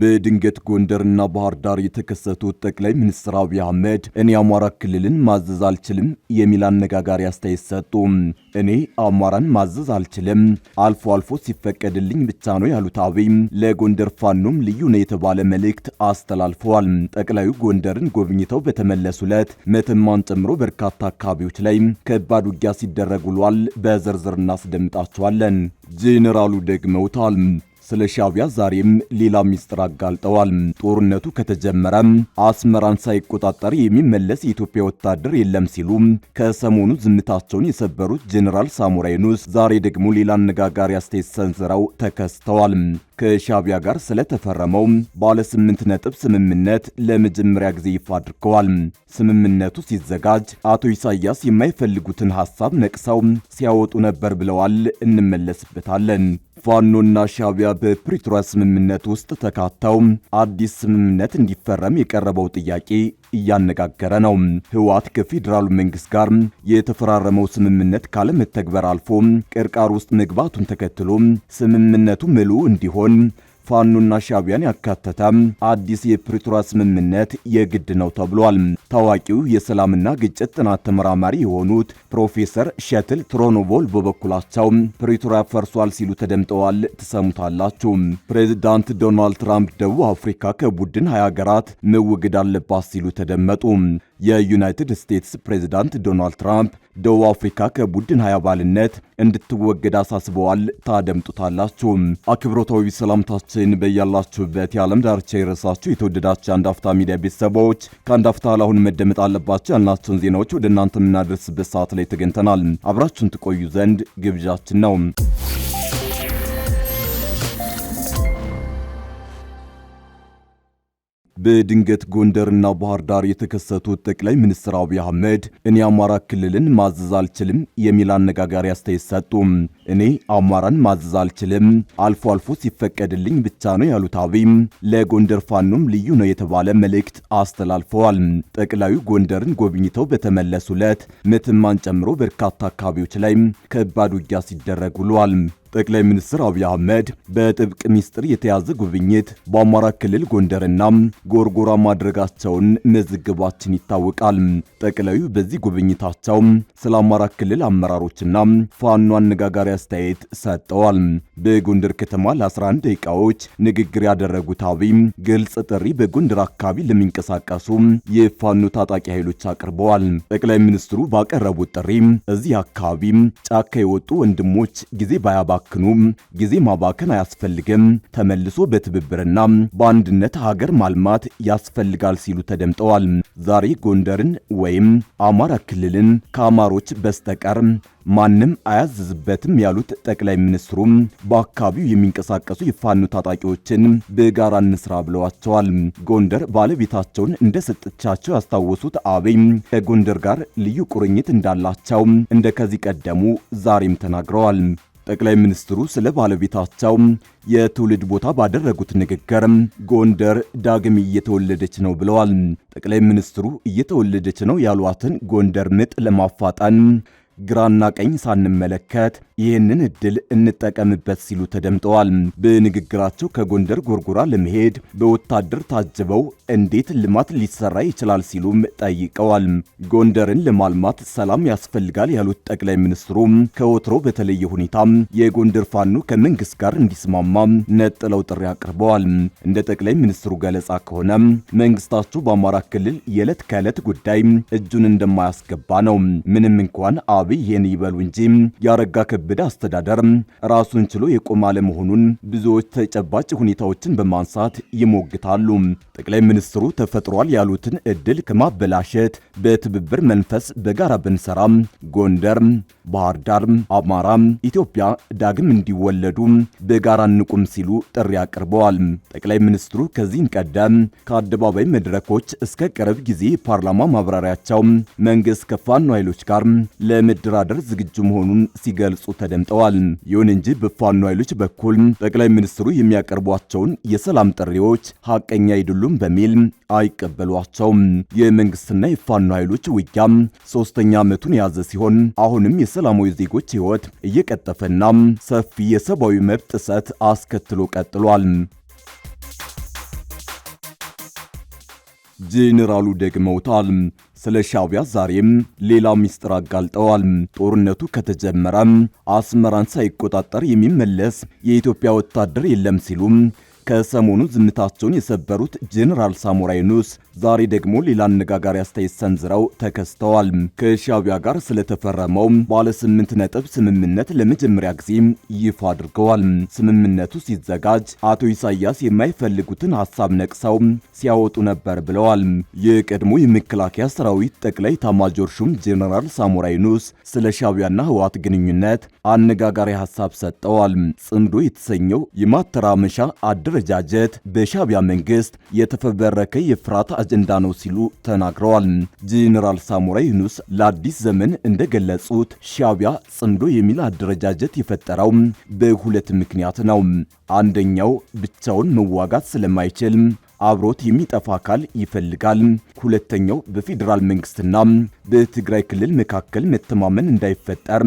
በድንገት ጎንደርና ባህር ዳር የተከሰቱት ጠቅላይ ሚኒስትር አብይ አህመድ እኔ አማራ ክልልን ማዘዝ አልችልም የሚል አነጋጋሪ አስተያየት ሰጡ። እኔ አማራን ማዘዝ አልችልም፣ አልፎ አልፎ ሲፈቀድልኝ ብቻ ነው ያሉት አብይ ለጎንደር ፋኖም ልዩ ነው የተባለ መልእክት አስተላልፈዋል። ጠቅላዩ ጎንደርን ጎብኝተው በተመለሱ ዕለት መተማን ጨምሮ በርካታ አካባቢዎች ላይ ከባድ ውጊያ ሲደረግ ውሏል። በዝርዝር እናስደምጣቸዋለን። ጄኔራሉ ደግመውታል። ስለ ሻቢያ ዛሬም ሌላ ሚስጥር አጋልጠዋል። ጦርነቱ ከተጀመረ አስመራን ሳይቆጣጠር የሚመለስ የኢትዮጵያ ወታደር የለም ሲሉ ከሰሞኑ ዝምታቸውን የሰበሩት ጀኔራል ሳሙራይኑስ ዛሬ ደግሞ ሌላ አነጋጋሪ አስተያየት ሰንዝረው ተከስተዋል። ከሻቢያ ጋር ስለተፈረመው ባለ ስምንት ነጥብ ስምምነት ለመጀመሪያ ጊዜ ይፋ አድርገዋል። ስምምነቱ ሲዘጋጅ አቶ ኢሳያስ የማይፈልጉትን ሐሳብ ነቅሰው ሲያወጡ ነበር ብለዋል። እንመለስበታለን። ፋኖና ሻቢያ በፕሪቶሪያ ስምምነት ውስጥ ተካተው አዲስ ስምምነት እንዲፈረም የቀረበው ጥያቄ እያነጋገረ ነው። ህወሓት ከፌዴራሉ መንግስት ጋር የተፈራረመው ስምምነት ካለመተግበር አልፎ ቅርቃር ውስጥ መግባቱን ተከትሎ ስምምነቱ ምሉ እንዲሆን ፋኖና ሻቢያን ያካተተ አዲስ የፕሪቶሪያ ስምምነት የግድ ነው ተብሏል። ታዋቂው የሰላምና ግጭት ጥናት ተመራማሪ የሆኑት ፕሮፌሰር ሸትል ትሮኖቮል በበኩላቸው ፕሪቶሪያ ፈርሷል ሲሉ ተደምጠዋል። ትሰሙታላችሁ። ፕሬዚዳንት ዶናልድ ትራምፕ ደቡብ አፍሪካ ከቡድን ሀያ ሀገራት መወገድ አለባት ሲሉ ተደመጡ። የዩናይትድ ስቴትስ ፕሬዚዳንት ዶናልድ ትራምፕ ደቡብ አፍሪካ ከቡድን ሀያ አባልነት እንድትወገድ አሳስበዋል። ታደምጡታላችሁ። አክብሮታዊ ሰላምታችን በያላችሁበት የዓለም ዳርቻ የረሳችሁ የተወደዳችሁ አንድ አፍታ ሚዲያ ቤተሰቦች ከአንድ አፍታ ላሁን መደመጥ አለባቸው ያልናቸውን ዜናዎች ወደ እናንተ የምናደርስበት ሰዓት ላይ ተገኝተናል። አብራችሁን ትቆዩ ዘንድ ግብዣችን ነው። በድንገት ጎንደርና ባህር ዳር የተከሰቱት ጠቅላይ ሚኒስትር አብይ አህመድ እኔ አማራ ክልልን ማዘዝ አልችልም የሚል አነጋጋሪ አስተያየት ሰጡ። እኔ አማራን ማዘዝ አልችልም፣ አልፎ አልፎ ሲፈቀድልኝ ብቻ ነው ያሉት አብይ ለጎንደር ፋኖም ልዩ ነው የተባለ መልእክት አስተላልፈዋል። ጠቅላዩ ጎንደርን ጎብኝተው በተመለሱለት ምትማን ጨምሮ በርካታ አካባቢዎች ላይ ከባድ ውጊያ ሲደረግ ውሏል። ጠቅላይ ሚኒስትር አብይ አህመድ በጥብቅ ሚስጥር የተያዘ ጉብኝት በአማራ ክልል ጎንደርና ጎርጎራ ማድረጋቸውን መዝግባችን ይታወቃል። ጠቅላዩ በዚህ ጉብኝታቸው ስለ አማራ ክልል አመራሮችና ፋኖ አነጋጋሪ አስተያየት ሰጥተዋል። በጎንደር ከተማ ለ11 ደቂቃዎች ንግግር ያደረጉት አብይ ግልጽ ጥሪ በጎንደር አካባቢ ለሚንቀሳቀሱ የፋኖ ታጣቂ ኃይሎች አቅርበዋል። ጠቅላይ ሚኒስትሩ ባቀረቡት ጥሪ እዚህ አካባቢ ጫካ የወጡ ወንድሞች ጊዜ ባያባ ሲያባክኑ ጊዜ ማባከን አያስፈልግም። ተመልሶ በትብብርና በአንድነት ሀገር ማልማት ያስፈልጋል ሲሉ ተደምጠዋል። ዛሬ ጎንደርን ወይም አማራ ክልልን ከአማሮች በስተቀር ማንም አያዝዝበትም ያሉት ጠቅላይ ሚኒስትሩ በአካባቢው የሚንቀሳቀሱ የፋኖ ታጣቂዎችን በጋራ እንስራ ብለዋቸዋል። ጎንደር ባለቤታቸውን እንደሰጠቻቸው ያስታወሱት አብይ ከጎንደር ጋር ልዩ ቁርኝት እንዳላቸው እንደከዚህ ቀደሙ ዛሬም ተናግረዋል። ጠቅላይ ሚኒስትሩ ስለ ባለቤታቸው የትውልድ ቦታ ባደረጉት ንግግር ጎንደር ዳግም እየተወለደች ነው ብለዋል። ጠቅላይ ሚኒስትሩ እየተወለደች ነው ያሏትን ጎንደር ምጥ ለማፋጠን ግራና ቀኝ ሳንመለከት ይህንን እድል እንጠቀምበት ሲሉ ተደምጠዋል። በንግግራቸው ከጎንደር ጎርጎራ ለመሄድ በወታደር ታጅበው እንዴት ልማት ሊሰራ ይችላል ሲሉም ጠይቀዋል። ጎንደርን ለማልማት ሰላም ያስፈልጋል ያሉት ጠቅላይ ሚኒስትሩ ከወትሮ በተለየ ሁኔታ የጎንደር ፋኖ ከመንግስት ጋር እንዲስማማ ነጥለው ጥሪ አቅርበዋል። እንደ ጠቅላይ ሚኒስትሩ ገለጻ ከሆነ መንግስታቸው በአማራ ክልል የዕለት ከዕለት ጉዳይ እጁን እንደማያስገባ ነው። ምንም እንኳን አብይ ይህን ይበሉ እንጂ ያረጋ ከበደ የወገደ አስተዳደር ራሱን ችሎ የቆመ አለመሆኑን ብዙዎች ተጨባጭ ሁኔታዎችን በማንሳት ይሞግታሉ። ጠቅላይ ሚኒስትሩ ተፈጥሯል ያሉትን ዕድል ከማበላሸት በትብብር መንፈስ በጋራ ብንሰራ፣ ጎንደር፣ ባህር ዳር፣ አማራ፣ ኢትዮጵያ ዳግም እንዲወለዱ በጋራ እንቁም ሲሉ ጥሪ አቅርበዋል። ጠቅላይ ሚኒስትሩ ከዚህም ቀደም ከአደባባይ መድረኮች እስከ ቅርብ ጊዜ ፓርላማ ማብራሪያቸው መንግስት ከፋኖ ኃይሎች ጋር ለመደራደር ዝግጁ መሆኑን ሲገልጹ ተደምጠዋል። ይሁን እንጂ በፋኖ ኃይሎች በኩል ጠቅላይ ሚኒስትሩ የሚያቀርቧቸውን የሰላም ጥሪዎች ሐቀኛ አይደሉም በሚል አይቀበሏቸውም። የመንግስትና የፋኖ ኃይሎች ውጊያ ሶስተኛ ዓመቱን የያዘ ሲሆን አሁንም የሰላማዊ ዜጎች ሕይወት እየቀጠፈና ሰፊ የሰብአዊ መብት ጥሰት አስከትሎ ቀጥሏል። ጄኔራሉ ደግመውታል። ስለ ሻቢያ ዛሬም ሌላ ሚስጥር አጋልጠዋል። ጦርነቱ ከተጀመረ አስመራን ሳይቆጣጠር የሚመለስ የኢትዮጵያ ወታደር የለም ሲሉ ከሰሞኑ ዝምታቸውን የሰበሩት ጄኔራል ሳሞራ ዩኑስ ዛሬ ደግሞ ሌላ አነጋጋሪ አስተያየት ሰንዝረው ተከስተዋል። ከሻቢያ ጋር ስለተፈረመው ባለ ስምንት ነጥብ ስምምነት ለመጀመሪያ ጊዜም ይፋ አድርገዋል። ስምምነቱ ሲዘጋጅ አቶ ኢሳያስ የማይፈልጉትን ሀሳብ ነቅሰው ሲያወጡ ነበር ብለዋል። የቀድሞ የመከላከያ ሰራዊት ጠቅላይ ኤታማዦር ሹም ጄኔራል ሳሞራ ዩኑስ ስለ ሻቢያና ህወሓት ግንኙነት አነጋጋሪ ሀሳብ ሰጠዋል። ጽምዶ የተሰኘው የማተራመሻ አደ አደረጃጀት በሻቢያ መንግስት የተፈበረከ የፍርሃት አጀንዳ ነው ሲሉ ተናግረዋል። ጄኔራል ሳሙራይ ዩኑስ ለአዲስ ዘመን እንደገለጹት ሻቢያ ጽንዶ የሚል አደረጃጀት የፈጠረው በሁለት ምክንያት ነው። አንደኛው ብቻውን መዋጋት ስለማይችል አብሮት የሚጠፋ አካል ይፈልጋል። ሁለተኛው በፌዴራል መንግስትና በትግራይ ክልል መካከል መተማመን እንዳይፈጠር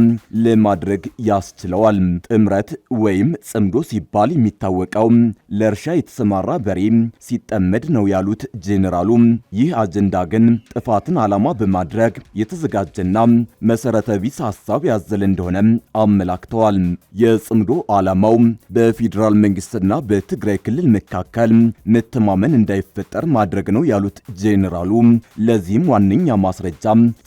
ለማድረግ ያስችለዋል። ጥምረት ወይም ጽምዶ ሲባል የሚታወቀው ለእርሻ የተሰማራ በሬ ሲጠመድ ነው ያሉት ጄኔራሉ፣ ይህ አጀንዳ ግን ጥፋትን ዓላማ በማድረግ የተዘጋጀና መሰረተ ቢስ ሀሳብ ያዘለ እንደሆነ አመላክተዋል። የጽምዶ ዓላማው በፌዴራል መንግስትና በትግራይ ክልል መካከል መተማመን መተማመን እንዳይፈጠር ማድረግ ነው ያሉት ጄኔራሉ ለዚህም ዋነኛ ማስረጃ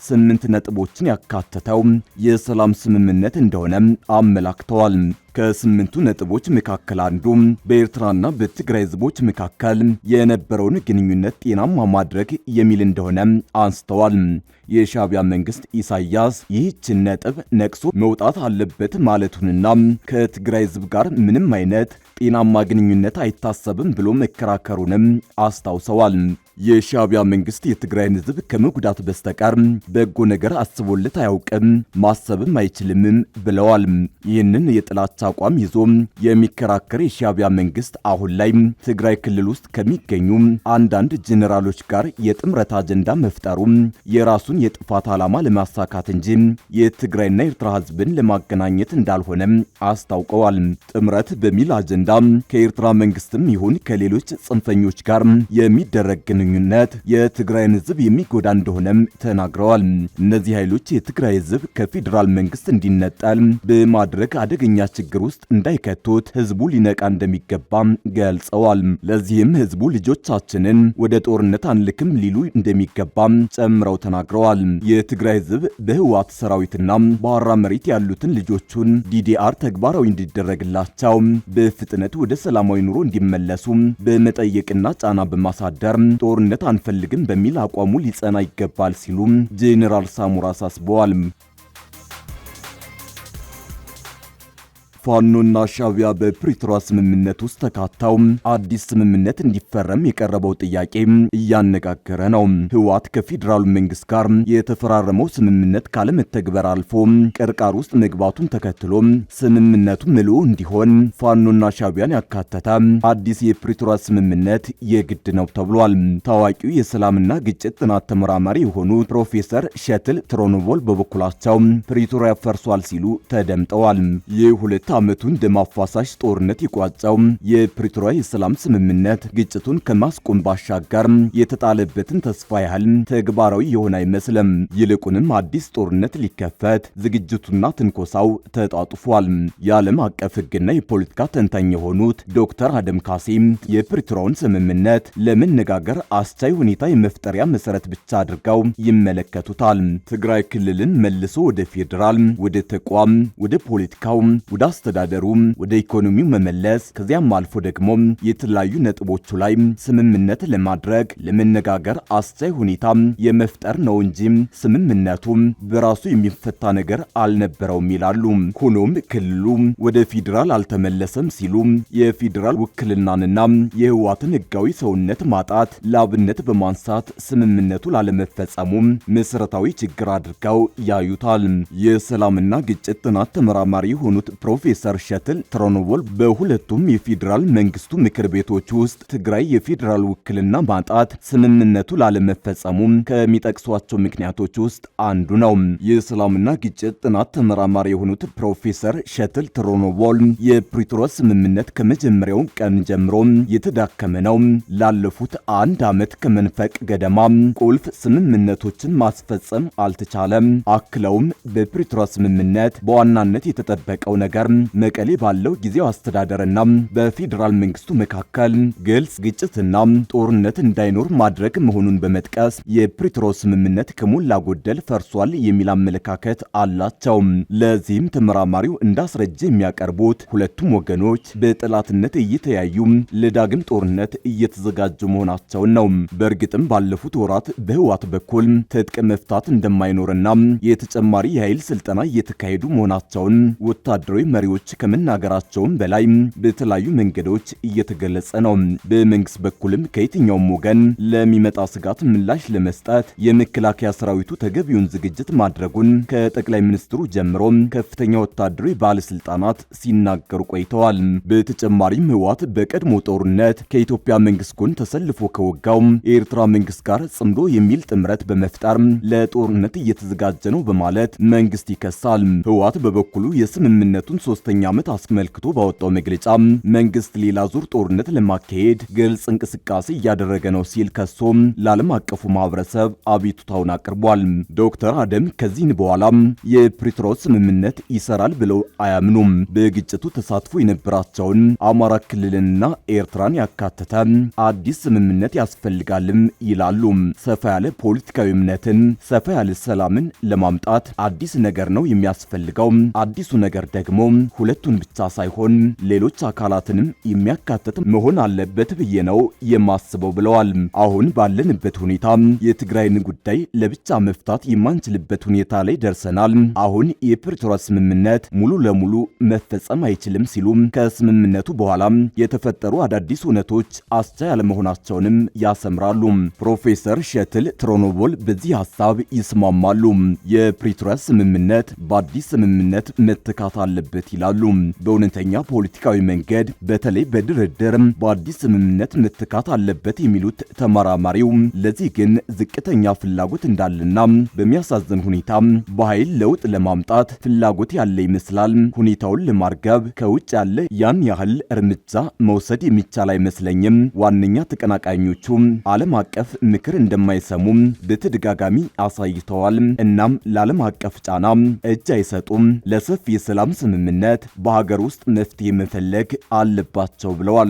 ስምንት ነጥቦችን ያካተተው የሰላም ስምምነት እንደሆነ አመላክተዋል። ከስምንቱ ነጥቦች መካከል አንዱ በኤርትራና በትግራይ ህዝቦች መካከል የነበረውን ግንኙነት ጤናማ ማድረግ የሚል እንደሆነ አንስተዋል። የሻቢያ መንግስት ኢሳያስ ይህችን ነጥብ ነቅሶ መውጣት አለበት ማለቱንና ከትግራይ ህዝብ ጋር ምንም አይነት ጤናማ ግንኙነት አይታሰብም ብሎ መከራከሩንም አስታውሰዋል። የሻቢያ መንግስት የትግራይን ህዝብ ከመጉዳት በስተቀር በጎ ነገር አስቦለት አያውቅም፣ ማሰብም አይችልም ብለዋል። ይህንን የጥላቻ አቋም ይዞ የሚከራከር የሻቢያ መንግስት አሁን ላይ ትግራይ ክልል ውስጥ ከሚገኙ አንዳንድ ጄኔራሎች ጋር የጥምረት አጀንዳ መፍጠሩ የራሱን የጥፋት ዓላማ ለማሳካት እንጂ የትግራይና የኤርትራ ህዝብን ለማገናኘት እንዳልሆነ አስታውቀዋል። ጥምረት በሚል አጀንዳ ከኤርትራ መንግስትም ይሁን ከሌሎች ጽንፈኞች ጋር የሚደረግ ግንኙ ግንኙነት የትግራይን ህዝብ የሚጎዳ እንደሆነም ተናግረዋል። እነዚህ ኃይሎች የትግራይ ህዝብ ከፌዴራል መንግስት እንዲነጠል በማድረግ አደገኛ ችግር ውስጥ እንዳይከቱት ህዝቡ ሊነቃ እንደሚገባ ገልጸዋል። ለዚህም ህዝቡ ልጆቻችንን ወደ ጦርነት አንልክም ሊሉ እንደሚገባ ጨምረው ተናግረዋል። የትግራይ ህዝብ በህዋት ሰራዊትና በአራ መሬት ያሉትን ልጆቹን ዲዲአር ተግባራዊ እንዲደረግላቸው በፍጥነት ወደ ሰላማዊ ኑሮ እንዲመለሱ በመጠየቅና ጫና በማሳደር ጦርነት አንፈልግም በሚል አቋሙ ሊጸና ይገባል ሲሉም ጄኔራል ሳሙራ አሳስበዋል። ፋኖና ሻቢያ በፕሪቶሪያ ስምምነት ውስጥ ተካተው አዲስ ስምምነት እንዲፈረም የቀረበው ጥያቄ እያነጋገረ ነው። ህወሓት ከፌዴራሉ መንግስት ጋር የተፈራረመው ስምምነት ካለመተግበር አልፎ ቅርቃር ውስጥ መግባቱን ተከትሎ ስምምነቱ ምሉ እንዲሆን ፋኖና ሻቢያን ያካተተ አዲስ የፕሪቶሪያ ስምምነት የግድ ነው ተብሏል። ታዋቂው የሰላምና ግጭት ጥናት ተመራማሪ የሆኑ ፕሮፌሰር ሸትል ትሮኖቮል በበኩላቸው ፕሪቶሪያ ፈርሷል ሲሉ ተደምጠዋል። ይህ ሁለት ዓመቱን ደማፋሳሽ ጦርነት የቋጫው የፕሪቶሪያ የሰላም ስምምነት ግጭቱን ከማስቆም ባሻገር የተጣለበትን ተስፋ ያህል ተግባራዊ የሆነ አይመስልም። ይልቁንም አዲስ ጦርነት ሊከፈት ዝግጅቱና ትንኮሳው ተጣጥፏል። የዓለም አቀፍ ሕግና የፖለቲካ ተንታኝ የሆኑት ዶክተር አደም ካሴም የፕሪቶሪያውን ስምምነት ለመነጋገር አስቻይ ሁኔታ የመፍጠሪያ መሰረት ብቻ አድርገው ይመለከቱታል። ትግራይ ክልልን መልሶ ወደ ፌዴራል፣ ወደ ተቋም፣ ወደ ፖለቲካው፣ ወደ አስተዳደሩም ወደ ኢኮኖሚው መመለስ ከዚያም አልፎ ደግሞ የተለያዩ ነጥቦቹ ላይ ስምምነት ለማድረግ ለመነጋገር አስቻይ ሁኔታ የመፍጠር ነው እንጂ ስምምነቱ በራሱ የሚፈታ ነገር አልነበረውም ይላሉ። ሆኖም ክልሉ ወደ ፌዴራል አልተመለሰም ሲሉ የፌዴራል ውክልናንና የህዋትን ህጋዊ ሰውነት ማጣት ለአብነት በማንሳት ስምምነቱ ላለመፈጸሙ መሰረታዊ ችግር አድርገው ያዩታል። የሰላምና ግጭት ጥናት ተመራማሪ የሆኑት ፕሮፌ ፕሮፌሰር ሸትል ትሮኖቦል በሁለቱም የፌዴራል መንግስቱ ምክር ቤቶች ውስጥ ትግራይ የፌዴራል ውክልና ማጣት ስምምነቱ ላለመፈጸሙም ከሚጠቅሷቸው ምክንያቶች ውስጥ አንዱ ነው። የሰላምና ግጭት ጥናት ተመራማሪ የሆኑት ፕሮፌሰር ሸትል ትሮኖቦል የፕሪቶሪያ ስምምነት ከመጀመሪያው ቀን ጀምሮ የተዳከመ ነው። ላለፉት አንድ ዓመት ከመንፈቅ ገደማ ቁልፍ ስምምነቶችን ማስፈጸም አልተቻለም። አክለውም በፕሪቶሪያ ስምምነት በዋናነት የተጠበቀው ነገር መቀሌ ባለው ጊዜው አስተዳደርና በፌዴራል መንግስቱ መካከል ግልጽ ግጭትና ጦርነት እንዳይኖር ማድረግ መሆኑን በመጥቀስ የፕሪቶሪያው ስምምነት ከሞላ ጎደል ፈርሷል የሚል አመለካከት አላቸው። ለዚህም ተመራማሪው እንዳስረጀ የሚያቀርቡት ሁለቱም ወገኖች በጠላትነት እየተያዩ ለዳግም ጦርነት እየተዘጋጁ መሆናቸውን ነው። በእርግጥም ባለፉት ወራት በህዋት በኩል ትጥቅ መፍታት እንደማይኖርና የተጨማሪ የኃይል ስልጠና እየተካሄዱ መሆናቸውን ወታደራዊ መሪ። መሪዎች ከመናገራቸውም በላይ በተለያዩ መንገዶች እየተገለጸ ነው። በመንግስት በኩልም ከየትኛውም ወገን ለሚመጣ ስጋት ምላሽ ለመስጠት የመከላከያ ሰራዊቱ ተገቢውን ዝግጅት ማድረጉን ከጠቅላይ ሚኒስትሩ ጀምሮ ከፍተኛ ወታደራዊ ባለስልጣናት ሲናገሩ ቆይተዋል። በተጨማሪም ህወሓት በቀድሞ ጦርነት ከኢትዮጵያ መንግስት ጎን ተሰልፎ ከወጋው የኤርትራ መንግስት ጋር ጽምዶ የሚል ጥምረት በመፍጠር ለጦርነት እየተዘጋጀ ነው በማለት መንግስት ይከሳል። ህወሓት በበኩሉ የስምምነቱን ሶስተኛ ዓመት አስመልክቶ ባወጣው መግለጫ መንግስት ሌላ ዙር ጦርነት ለማካሄድ ግልጽ እንቅስቃሴ እያደረገ ነው ሲል ከሶም ለዓለም አቀፉ ማህበረሰብ አቤቱታውን አቅርቧል። ዶክተር አደም ከዚህን በኋላ የፕሪቶሪያው ስምምነት ይሰራል ብለው አያምኑም። በግጭቱ ተሳትፎ የነበራቸውን አማራ ክልልንና ኤርትራን ያካተተ አዲስ ስምምነት ያስፈልጋልም ይላሉ። ሰፋ ያለ ፖለቲካዊ እምነትን፣ ሰፋ ያለ ሰላምን ለማምጣት አዲስ ነገር ነው የሚያስፈልገው። አዲሱ ነገር ደግሞ ሁለቱን ብቻ ሳይሆን ሌሎች አካላትንም የሚያካትት መሆን አለበት ብዬ ነው የማስበው ብለዋል። አሁን ባለንበት ሁኔታ የትግራይን ጉዳይ ለብቻ መፍታት የማንችልበት ሁኔታ ላይ ደርሰናል። አሁን የፕሪቶሪያ ስምምነት ሙሉ ለሙሉ መፈጸም አይችልም ሲሉ ከስምምነቱ በኋላ የተፈጠሩ አዳዲስ እውነቶች አስቻ ያለመሆናቸውንም ያሰምራሉ። ፕሮፌሰር ሸትል ትሮኖቦል በዚህ ሀሳብ ይስማማሉ። የፕሪቶሪያ ስምምነት በአዲስ ስምምነት መተካት አለበት ይላሉ። በእውነተኛ ፖለቲካዊ መንገድ በተለይ በድርድር በአዲስ ስምምነት መተካት አለበት የሚሉት ተመራማሪው ለዚህ ግን ዝቅተኛ ፍላጎት እንዳለና በሚያሳዝን ሁኔታ በኃይል ለውጥ ለማምጣት ፍላጎት ያለ ይመስላል። ሁኔታውን ለማርገብ ከውጭ ያለ ያን ያህል እርምጃ መውሰድ የሚቻል አይመስለኝም። ዋነኛ ተቀናቃኞቹ ዓለም አቀፍ ምክር እንደማይሰሙ በተደጋጋሚ አሳይተዋል። እናም ለዓለም አቀፍ ጫና እጅ አይሰጡም። ለሰፊ የሰላም ስምምነት ቀዳሚነት በሀገር ውስጥ መፍትሄ መፈለግ አለባቸው ብለዋል።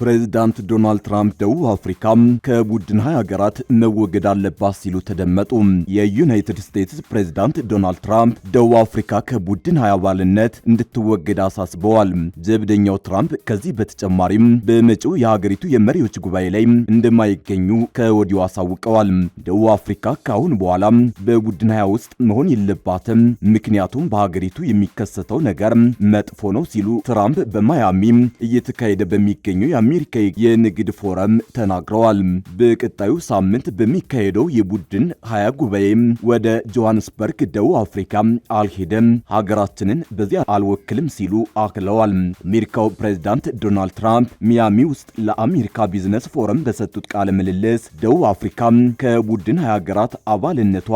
ፕሬዚዳንት ዶናልድ ትራምፕ ደቡብ አፍሪካ ከቡድን ሀያ ሀገራት መወገድ አለባት ሲሉ ተደመጡ። የዩናይትድ ስቴትስ ፕሬዚዳንት ዶናልድ ትራምፕ ደቡብ አፍሪካ ከቡድን ሀያ አባልነት እንድትወገድ አሳስበዋል። ዘብደኛው ትራምፕ ከዚህ በተጨማሪም በመጪው የሀገሪቱ የመሪዎች ጉባኤ ላይ እንደማይገኙ ከወዲሁ አሳውቀዋል። ደቡብ አፍሪካ ከአሁን በኋላ በቡድን ሀያ ውስጥ መሆን የለባትም፣ ምክንያቱም በሀገሪቱ የሚከሰተው ነገር መጥፎ ነው ሲሉ ትራምፕ በማያሚ እየተካሄደ በሚገኘው የአሜሪካ የንግድ ፎረም ተናግረዋል። በቀጣዩ ሳምንት በሚካሄደው የቡድን ሀያ ጉባኤ ወደ ጆሃንስበርግ ደቡብ አፍሪካ አልሄደም፣ ሀገራችንን በዚያ አልወክልም ሲሉ አክለዋል። አሜሪካው ፕሬዚዳንት ዶናልድ ትራምፕ ሚያሚ ውስጥ ለአሜሪካ ቢዝነስ ፎረም በሰጡት ቃለ ምልልስ ደቡብ አፍሪካ ከቡድን ሀያ ሀገራት አባልነቷ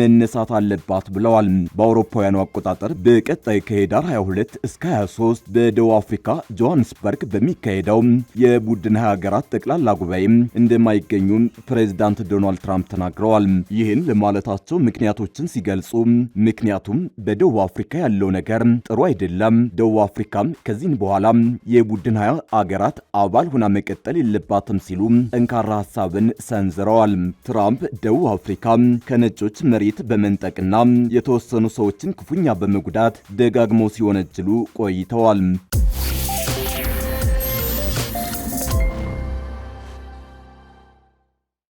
መነሳት አለባት ብለዋል። በአውሮፓውያኑ አቆጣጠር በቀጣይ ከሄዳር 22 እስከ 23 በደቡብ አፍሪካ ጆሃንስበርግ በሚካሄደው የቡድን ሀገራት ጠቅላላ ጉባኤም እንደማይገኙም ፕሬዚዳንት ዶናልድ ትራምፕ ተናግረዋል። ይህን ለማለታቸው ምክንያቶችን ሲገልጹ ምክንያቱም በደቡብ አፍሪካ ያለው ነገር ጥሩ አይደለም፣ ደቡብ አፍሪካ ከዚህን በኋላ የቡድን ሀያ አገራት አባል ሁና መቀጠል የለባትም ሲሉ ጠንካራ ሀሳብን ሰንዝረዋል። ትራምፕ ደቡብ አፍሪካ ከነጮች መሬት በመንጠቅና የተወሰኑ ሰዎችን ክፉኛ በመጉዳት ደጋግመው ሲወነጅሉ ቆይተዋል።